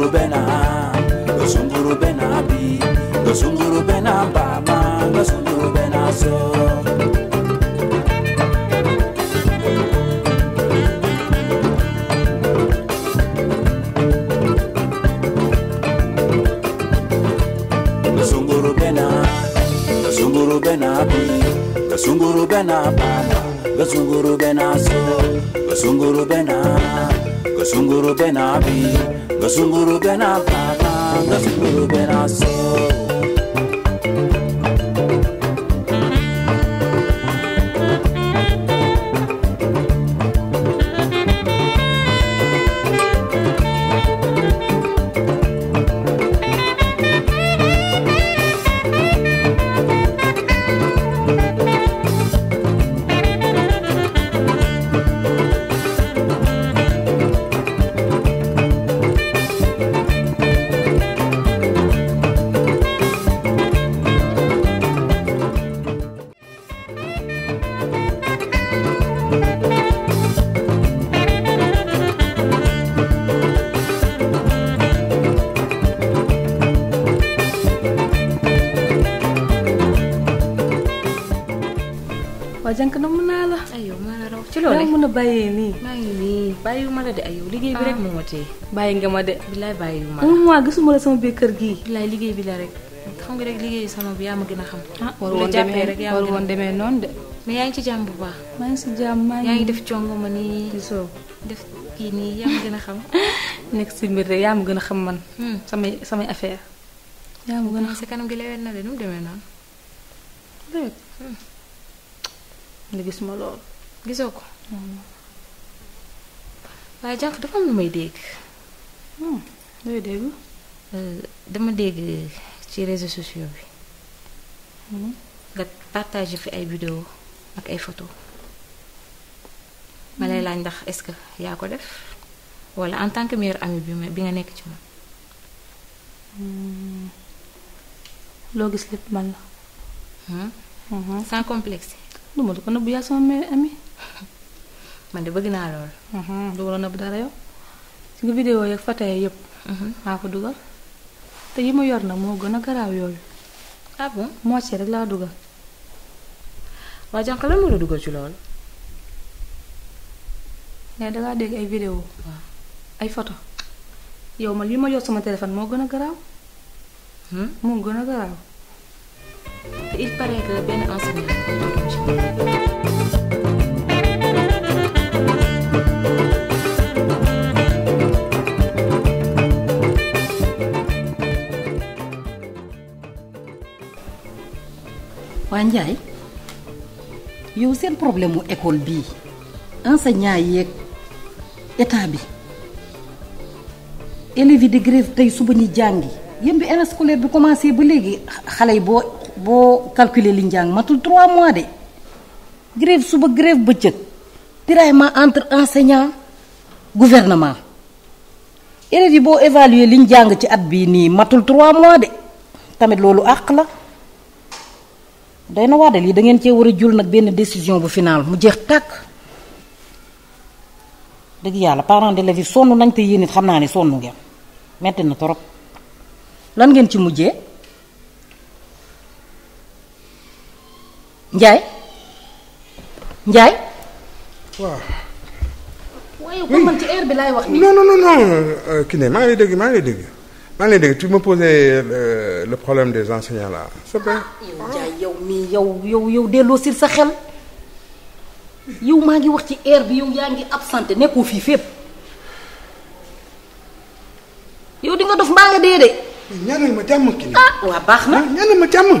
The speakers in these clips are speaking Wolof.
sunguru bena, do sunguru bena bi, do sunguru bena ba. Singuru bena bana, no singuru bena jànk na mën naa la. aywa maa la raw ci loolu rek mën a bàyyee nii. maa ngi nii bàyyiwuma la de ayo liggéey bi rek moo ma téye. bàyyi nga ma de. bilaay ma la un mois gisuma la sama biir kër gii. bilaay liggéey bi la rek. xam nga rek liggéey sama bi yaa ma gën a xam. ah war woon demee rek yaa war woon demee noonu de. mais yaa ngi ci jàmm bu baax. maa ngi si jàmm maa ngi yaa ngi def congo ma nii. gisoo def kii nii yaa ma gën a xam. nekk si mbir rek yaa ma gën a xam man. samay samay affaire. yaa ma gën a xam sa kanam gi lewet na de nu mu demee noonu. lewet. nga gis ma loolu gisoo ko waaye jànq dafa am lu may dégg looy dégg dama dégg ci réseaux sociaux bi nga partagé fi ay vidéo ak ay photo ma lay laaj ndax est-ce que yaa ko def walla en tant que meilleur ami bi bi nga nekk ci man loo gis lépp man la sans complexe lu du ko nëbbu yaa sama meilleur ami man de bëgg naa loolu du ma la nëbbu dara yow si nga vidéo yeeg photo yëpp maa mhm. ko dugal te yi ma yor na moo gën a garaaw yooyu ah bon moo ci laa dugal waa jànq lan moo dugal ci loolu ne dangaa dégg ay vidéo ay photo yow man li ma yor sama téléphone moo gën a garaaw moo gën a garaaw il paraît waa Ndiaye yow seen problème mu école bii enseignant yeeg état bi élèves yi di grève tey suba ñu jàngi yéen bi année scolaire bi commencé ba léegi xale yi boo boo calculer li njang matul 3 mois de grève suba grève bëccëg tiraillement entre enseignants gouvernement élèves yi bo évaluer li njang ci at bi ni matul 3 mois de tamit lolu àq la day na waa de da ngeen cee war jul nak ben décision bu final mu jeex tak deug yalla parents de la vie sonu nañ te yene xamna ni sonu ne ngeen metti na torop lan ngeen ci mujjé Ndiaye Ndiaye. waaw. man ci bi wax. non non non non Kiné maa ngi dégg ngi tu me posais le problème des enseignants là c'est yow Ndiaye yow mii yow yow yow delloo sa xel yow maa ngi wax ci bi yow yaa ngi absenté nekkoo fii fépp yow di nga nga ma Kiné. ah waa baax na ma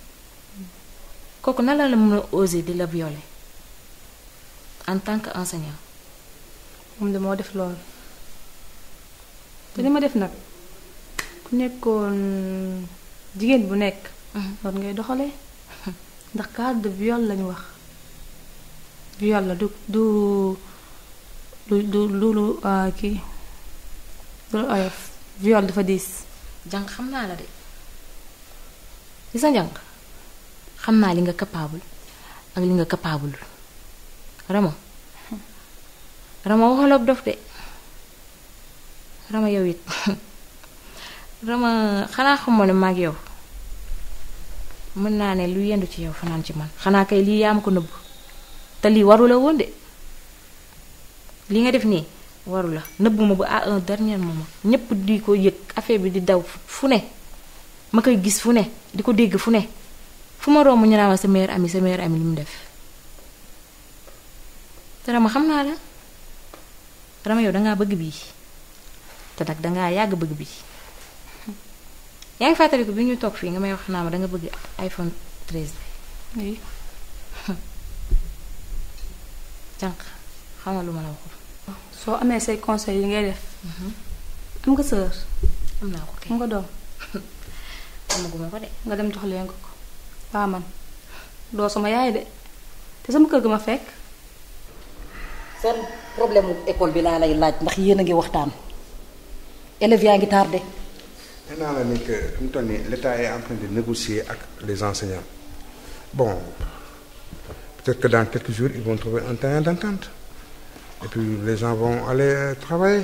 kooku na la la mën a osé di la violer en tant que enseignant. moom de moo def loolu te li ma def nag ku nekkoon jigéen bu nekk. loolu mhm. ngay doxale ndax cas de viol lañu wax viol la du du du du loolu euh, kii loolu oyof viol dafa diis. janq xam naa la de ci sa janq xam naa li nga capable ak li nga capable rama rama waxaloob dof de rama yow it rama xanaa xamoo ne maag yow mën naa ne lu yendu ci yow fanaan ci man xanaa kay lii yaa ma ko nëbb te lii warula la woon de li nga def nii warula la nëbbu ma ba à un dernier moment ñépp di ko yëg affaire bi di daw fu ne ma koy gis fu ne di ko dégg fu ne fu ma romb ñu naan ma sa meilleur ami sa lu mu def te Rama xam naa la Rama yow dangaa bëgg bii te nag dangaa yàgg bëgg bii yaa ngi fàttaliku bi ñuy toog fii nga may wax naa ma danga bëgg iPhone 13 bi jànq xamal lu ma la waxul soo amee say conseil yi ngay def mhm. am nga sœur am naa ko kay am nga doom amaguma ko de nga dem jox leen ko Ah, man do sama yaay de te sama kër ma fekk. problème c'est école bi la lay laaj ndax yéen waxtaan élèves tardé. na la ni est en train de négocier avec les enseignants bon peut-être que dans quelques jours ils vont trouver un terrain d'entente et puis les gens vont aller euh, travailler.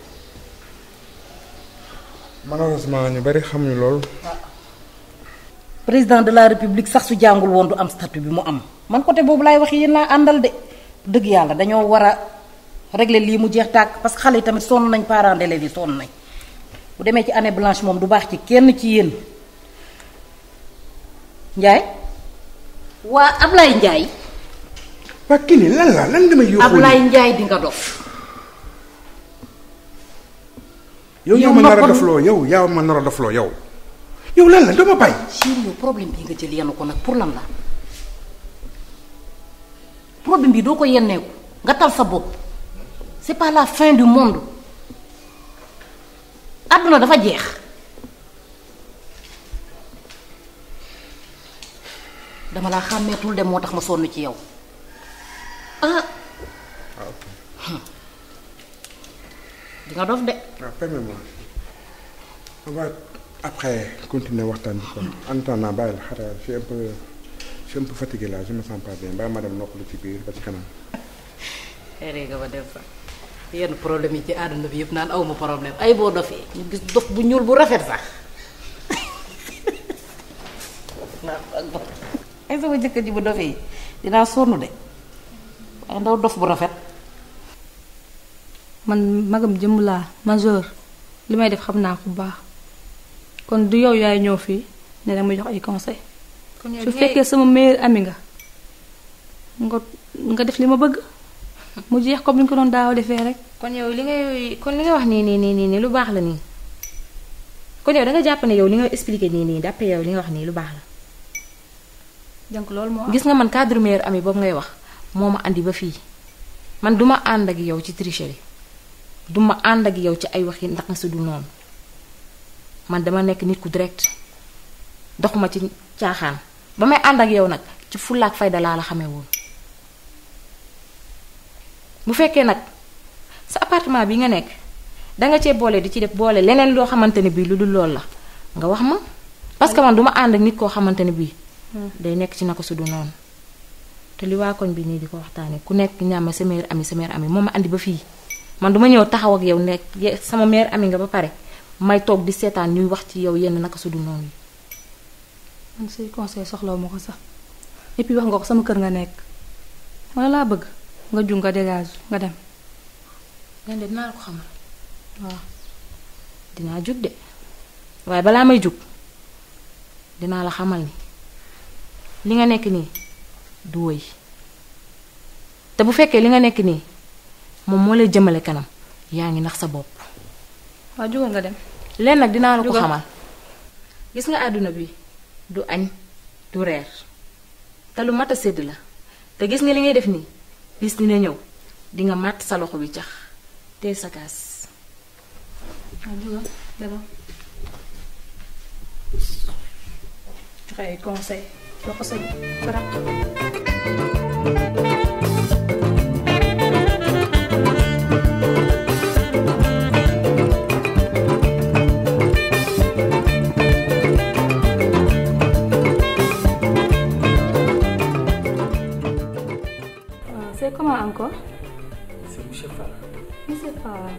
malheureusement ñu bari xamuñu lool président de la république sax su jangul won du am statut bi mu am man côté bobu lay wax yéen laa andal de deug yalla dañoo wara régler li mu jeex tak parce que xalé tamit sonn nañ parents d'élèves yi sonn nañ bu démé ci année blanche mom du bax ci kenn ci yeen njaay wa ablay njaay waa kii nii lan la lan dama may ablay ablaye di nga dof yow yaa ma nar a dofloo yow yaa ma nar a dofloo yow. yow lan la dama bàyyi. Chine yow problème bii nga jël yenn ko nag pour lan la problème bi doo ko yenneeku nga tal sa bopp c'est pas la fin du monde àdduna dafa jeex. dama laa xàmmeetul de moo tax ma sonn ci yow ah! di nga dof de. waaw ah, après continuer waxtaan bi kon en attendant bàyyi la xaaral je suis un peu je suis un peu fatigué là je me ma dem noppalu ci biir ba ci kanam. xëy eh, nga ba dem fa yenn problème yi ci àdduna bi yëpp naan aw ma problème ay boo dofee ñu gis dof bu ñuul bu rafet sax. ay sama jëkkër ji bu dofee dinaa sonn de waaye ndaw dof bu rafet. man magam jëmm laa majeur li may def xam naa ko bu baax kon du yow yaay ñëw fii ne dama jox ay conseil su fekkee sama meilleur ami nga nga nga def li ma bëgg mu jeex ko ni ñu ko doon daaw defee rek. kon yow li ngay kon li nga wax nii nii nii nii lu baax la nii kon yow da nga jàpp ne yow li nga expliqué nii nii d'après yow li nga wax nii lu baax la. donc loolu moo gis nga man cadre meilleur ami boobu ngay wax moo ma indi ba fii man duma ànd ak yow ci tricherie. du ma ànd ak yow ci ay wax yi ndax si du noonu man dama nekk nit ku direct doxuma ci caaxaan ba may ànd ak yow nag ci fullaak fayda laa la xamee woon bu fekkee nag sa appartement bi nga nekk danga cee boole di ci def boole leneen loo xamante ne bii lu du loolu la nga wax ma parce que man du ma ànd ak nit koo xamante ne bii. day nekk ci naka su du noonu te li waa koñ bi nii di ko waxtaanee ku nekk ñaama sa meilleur ami sa meilleur ami moo ma andi ba fii. man duma ñew taxaw ak yow nek sama mère ami nga ba paré may tok di sétan ñuy wax ci yow yeen naka sudu non man sey conseil soxlaw mako sax et puis wax nga ko sama kër nga nek wala la bëgg nga ju nga dégage nga dem ñen de dina ko xamal wa dina juk de waye bala may juk dina la xamal ni li nga nek ni du way te bu fekke li nga nek ni mom mo lay jëmele kanam yaangi nax sa bop wa jugal nga dem. len nak dina la ko xamal. gis nga aduna bi du agn du rer ta lu mata sedd la te gis nga li ngay def bis dina ñew di nga mat sa loxo bi cax te sa gas waaw jugal conseil conseil Comment encore C'est Monsieur Farah. Monsieur Farah.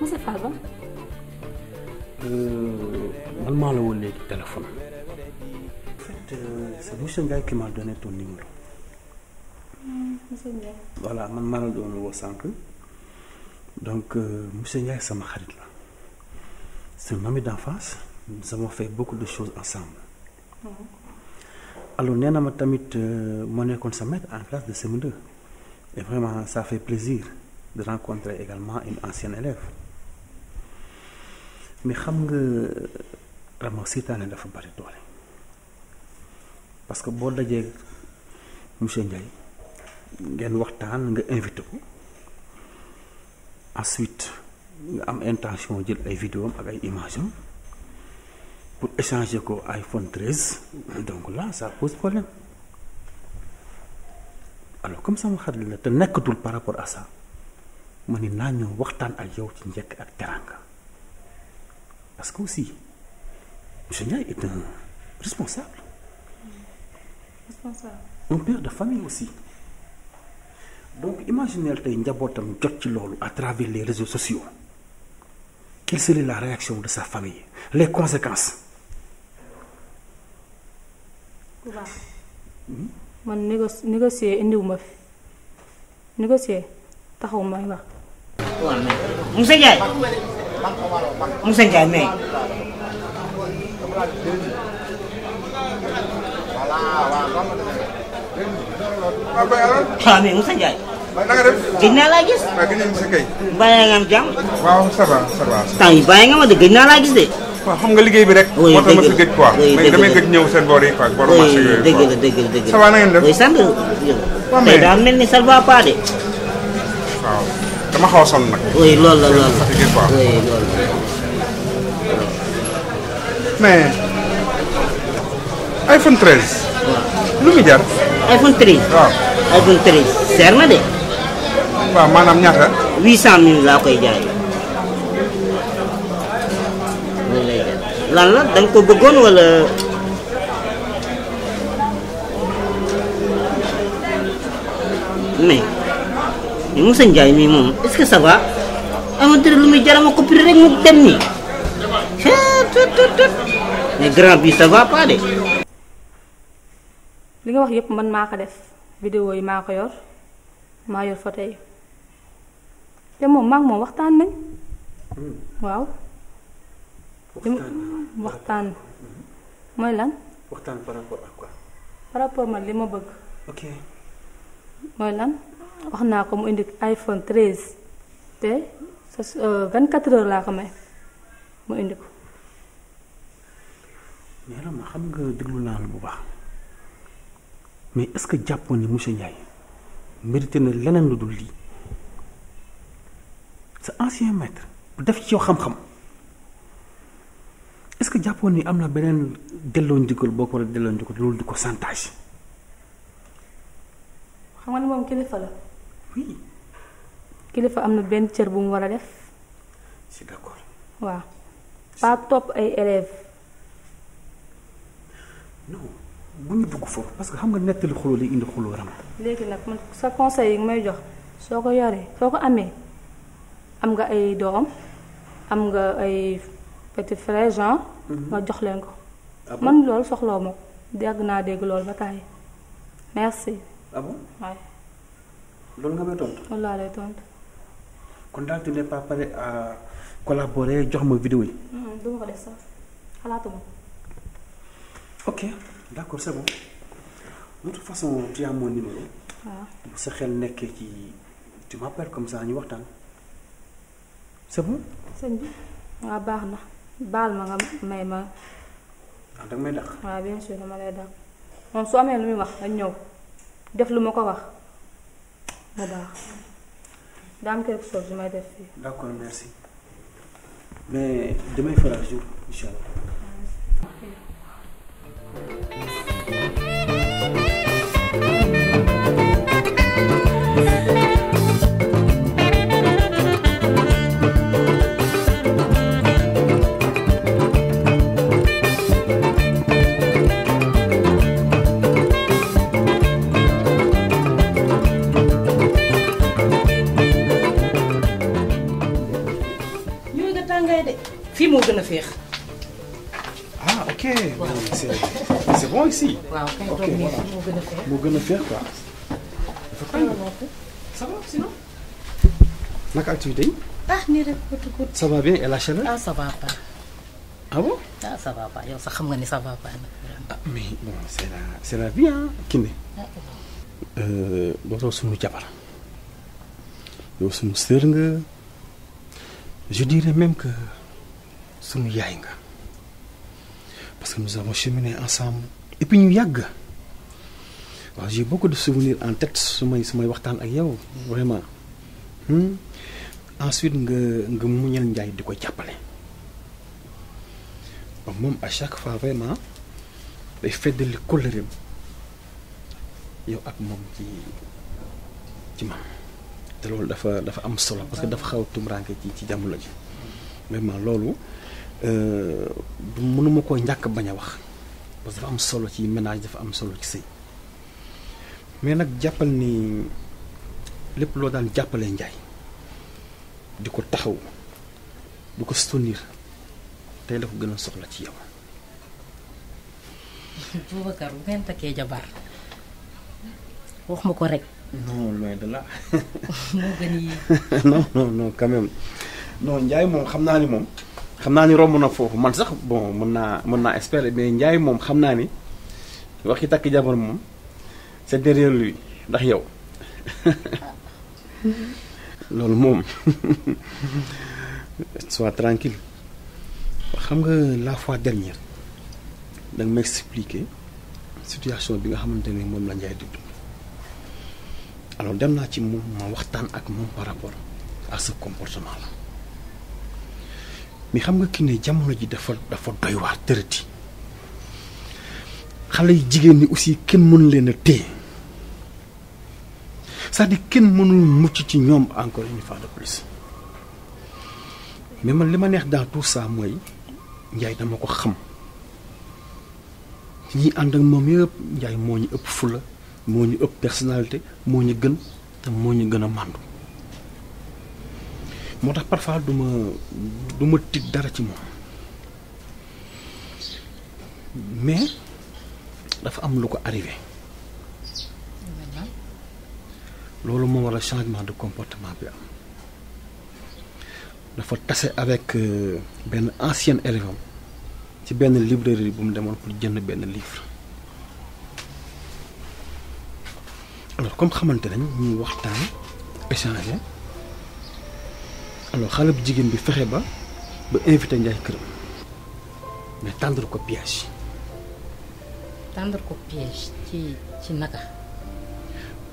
Monsieur Je ba. man maa le téléphone. en fait euh, c'est monsieur qui m'a donné ton numéro. Hmm, monsieur voilà man suis la doon woo donc euh, monsieur Ndiaye ma xarit là. c'est un ami d'enfance nous avons fait beaucoup de choses ensemble. Hmm. alors on avons mis mon en place de ces deux. Et vraiment, ça fait plaisir de rencontrer également une ancienne élève. mais je sais que seytaane dafa bari parce que bon dajee M. Ndiaye je waxtaan invité ensuite je am intention jël ay vidéo vidéos ak ay images pour échanger avec iPhone 13 donc là ça pose problème alors comme ça je la te nekkatul par rapport à ça mané ni waxtan à ak yow ci njëkk ak teranga parce que aussi monsieur Ndiaye est un responsable. responsable. un père de famille aussi donc imaginez tay njabootam jot ci lolu à travers les réseaux sociaux quelle serait la réaction de sa famille les conséquences. man négocier indiwuma fi négocier taxawuma wax. waaw mais monsieur Ndiaye monsieur Ndiaye mais. xanaa mais monsieur Ndiaye. gëj naa laa gis. waaw gëj naa monsieur Guèye. bàyyi nga am jàmm. waaw ça va ça va. temps yi bàyyi nga ma de gëj naa laa gis de. waaw xam nga liggéey bi rek. moo tax ma fi gëj quoi mais damay gëj ñëw seen boor yi quoi boor ni ça va de. waaw dama xaw a sonn nag. oui loolu la loolu la fatigué quoi. oui loolu la. mais iPhone 13. waaw lu muy jar. iPhone 13. waaw iPhone 13 maanaam ñaata. laa koy jaay. lan dan danga ko wala me Moussa Ndiaye mii moom est ce que ça va ama dëgg lu muy jarama ko prix rek mu dem nii mais grand bi ça va pas de li nga wax yep man maa def video yi maa yor ma yor fotay te moom maa ngi moom nañ hmm. waaw waxtaan mm, mm-hmm. mooy lan. waxtaan par rapport ak li ma bëgg. ok. mooy lan wax naa ko mu indi iPhone 13 te sa 24 euh, heures laa ko may mu indi ko. mais Rama xam nga déglu bu baax mais est-ce que jàppoon ni monsieur Ndiaye mérité na leneen lu dul lii sa ancien maître bu def ci yow xam-xam. que japon ni amna benen beneen delloo njukkal boo ko war a delloo njukkal loolu xam nga ne kilifa la. oui. kilifa amna ben benn cër bu mu wara def. si d'accord. wa pa top ay élève non bu ñu dugg fofu parce que xam nga nettali xuloo li indi xuloo ram. légui nak man sa conseil yi may jox soko ko soko amé am nga ay doom am nga ay petit frère genre. Mhm. ma jox leen ko. Ah man loolu soxloo ma ko dégg naa dégg loolu ba taay merci. ah bon waaye. loolu nga may tontu. loolu laa lay tontu. kon daal tu n'es pas prêt à collaborer jox ma vidéo yi. du ma ko def sax xalaatuma. ok d' accord c' est bon de toute façon tu as mon numéro. waaw ah. bu sa xel nekkee ci tu m' appelles comme ça ñu waxtaan c' est bon. sëñ bi waaw baax na. baal ma nga may ma. ah danga may dàq. bien sûr dama lay dàq moom su amee lu muy wax dañ ñëw def lu ma ko wax mu baax daa am quelque chose may def fii. d'accord merci mais damay faral jour incha ok voilà moo gën a fier quoi. Ah, ça va sinon. La activité yi. ah nii rek kutu ça va bien et la chaleur. ah ça va pas. ah bon. ah ça va pas Yo, ça, xam nga ni ça va pas ah mais bon c'est la c'est la vie hein. Kine. Ah, euh, dootoo Bonjour, jabar yow suñu sër je dirais même que suñu yaay nga parce que nous avons cheminé ensemble et puis ñu yàgg. waaw j'ai ko de souvenirs en tete su may su may waxtaan ak yow vraiment hmm? ensuite nga nga muñal njaay di ko jàppale ba moom à chaque fois vraiment day feddali kóllëreem yow ak moom ci ci man te loolu dafa dafa am solo parce que dafa xaw a tumuraanke ci ci jamono ji vraiment loolu euh, du mënuma koo njàkk bañ a wax parce que dafa am solo ci ménage dafa am solo ci sëy mais nak jappal ni lepp lo daan jàppalee njay diko taxaw di ko tay la ko gëna soxla ci yow. Boubacar bu ngeen takkee jabar wax ko rek. non loin de là. mo gëni non non non quand même non njay mom xamna ni mom xamna ni romb na fofu man sax bon mën naa mën naa espérer mais njay mom xamna ni waxi takk jabar mom c'est derrière lui ndax yow loolu sois tranquille xam nga la fois dernière da nga situation bi nga xamante la Ndiaye alors dem ci moom ma ak par rapport à ce comportement là mais xam nga ki ne jamono ji dafa dafa doy aussi ça dit qu'il kenn mënul mucc ci ñoom encore une fois de plus mais man li ma neex dans tout ça mooy njaay dama ko xam ñi ànd ak moom yëpp njaay moo ñu ëpp fula moo ñu ëpp personnalité moo gën te moo ñu gën a parfois du ma tit dara ci moom mais dafa am lu ko arrivé loolu moo waral changement de comportement bi am dafa tase avec euh, benn ancien élève am ci benn librairie bu mu demoon pour jënd benn livre alors comme xamante nañ ñuy waxtaan échangé alors xale bu jigéen bi fexe ba ba invité Ndiaye këram mais tendre ko piège. tendre ko piège ci ci naka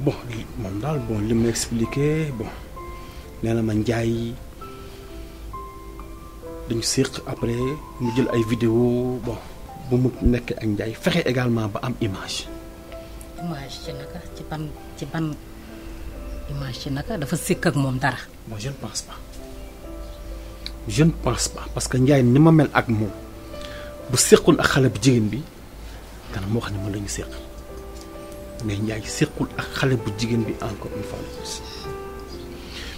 bon mandal bon li m'expliquer bon nee na ma njaay dañu séq après mu jël ay vidéo bon bu mu nekk ak ndjay fexé également ba am image. image ci naka ci ban ci ban image ci naka dafa séq ak mom dara. moi je ne pense pas je ne pense pas parce que ndjay ni ma mel ak mom bu séqoon ak xale bu jigéen bi kanam mo xam ne mën lañu séq. mais Ndiaye sequl ak xale bu jigéen bi encore une fois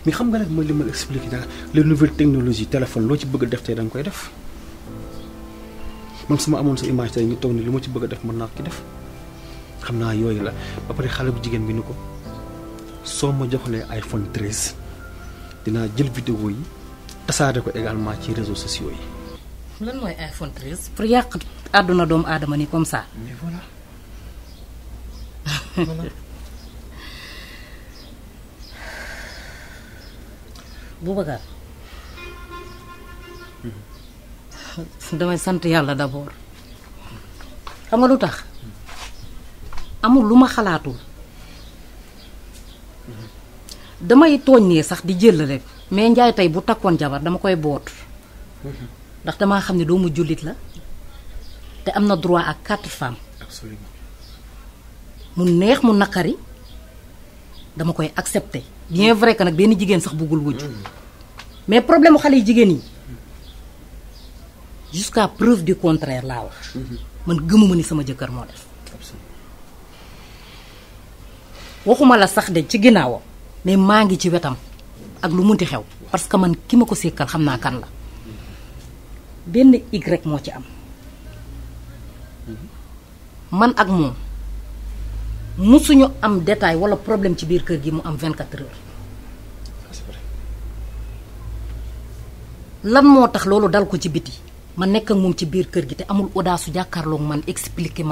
mais xam nga nag mooy li ma expliqué daal les nouvelles technologies téléphone loo ci bëgg a def tey da koy def man su ma amoon sa image tey ñu toog ni li ma ci bëgg a def mën naa ko def xam naa yooyu la ba pare xale bu jigéen bi ni ko soo ma joxlee iPhone 13 dinaa jël vidéo yi tasaare ko également ci réseau sociaux yi. Boubacar damay sant yàlla d'abord xam nga lu tax amul lu ma xalaatul damay tooñ nee sax di jël rek mais njaay tey bu takkoon jabar dama koy boot mhm. ndax damaa xam ne doomu jullit la te am na droit ak quatre femmes. mu neex mu nakari dama koy accepté bien vrai que nak ben jigen sax bëggul wujju mm-hmm. mais problème xale jigen ni jusqu'à preuve du contraire la wax mm-hmm. man geumuma ni sama jëkkër mo def waxuma la sax de ci ginaaw mais ci wétam ak lu munti xew parce que man kima ko sékkal xamna kan la ben y mo ci am mm-hmm. man ak mom musuñu am détail wala problème ci biir kër gi mu am 24 heures. lan moo tax loolu dal ko ci biti ma nekk ak moom ci biir kër gi te amul audace su jàkkaarloog man expliquer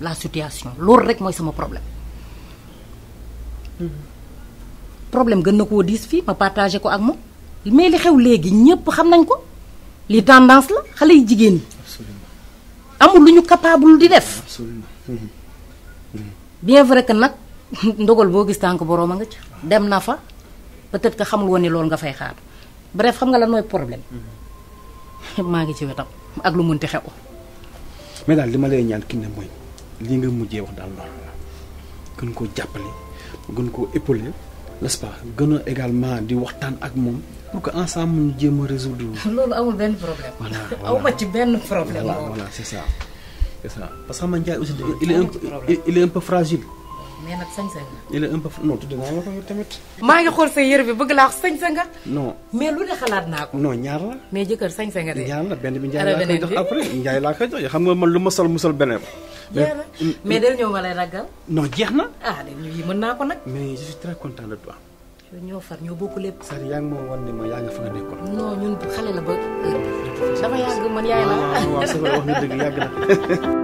la situation loolu rek mooy sama problème. Hmm. problème gën na koo diis fii ma partagé ko ak moom mais li xew léegi ñëpp xam nañ ko li tendance la xale yi jigéen yi. amul lu ñu capable di def. bien vrai que nak ndogal bo gis tank borom nga ci dem nafa, peut être que xamul woni ni nga fay xaar bref xam nga lan moy problème ma ngi ci wetam ak lu munti xew mais dal dima lay ñaan ki ne moy li nga mujjé wax dal loolu gën ko jappalé gën ko épauler n'est-ce pas gën également di waxtaan ak mom pour que ensemble ñu jëm résoudre loolu amul ben problème voilà, voilà. awma ci ben problème voilà, voilà c'est ça c'est parce que xam nga aussi il est un il est un fragile. mais nag sañ-sañ tudd naa la maa ngi xool sa yëre bi bëgg laa wax sañ-sañ nga. no mais lu ne xalaat naa ko. no ñaar la. mais jëkkër sañ-sañ nga de. ñaar la benn bi Ndiaye laa koy jox après Ndiaye laa koy jox xam nga man lu ma sol mu sol beneen mais mais del ñëw ma lay ragal. non jeex na. ah de yii mën naa ko nag. mais je suis très content de toi. ñoo far ñoo bokk lépp. Sary yaa ngi ma woon ne ma yaa nga fa nga nekkoon. non ñun xale la ba. dafa yàgg man yaay la. Ah, waaw waaw wax nga dëgg yàgg na.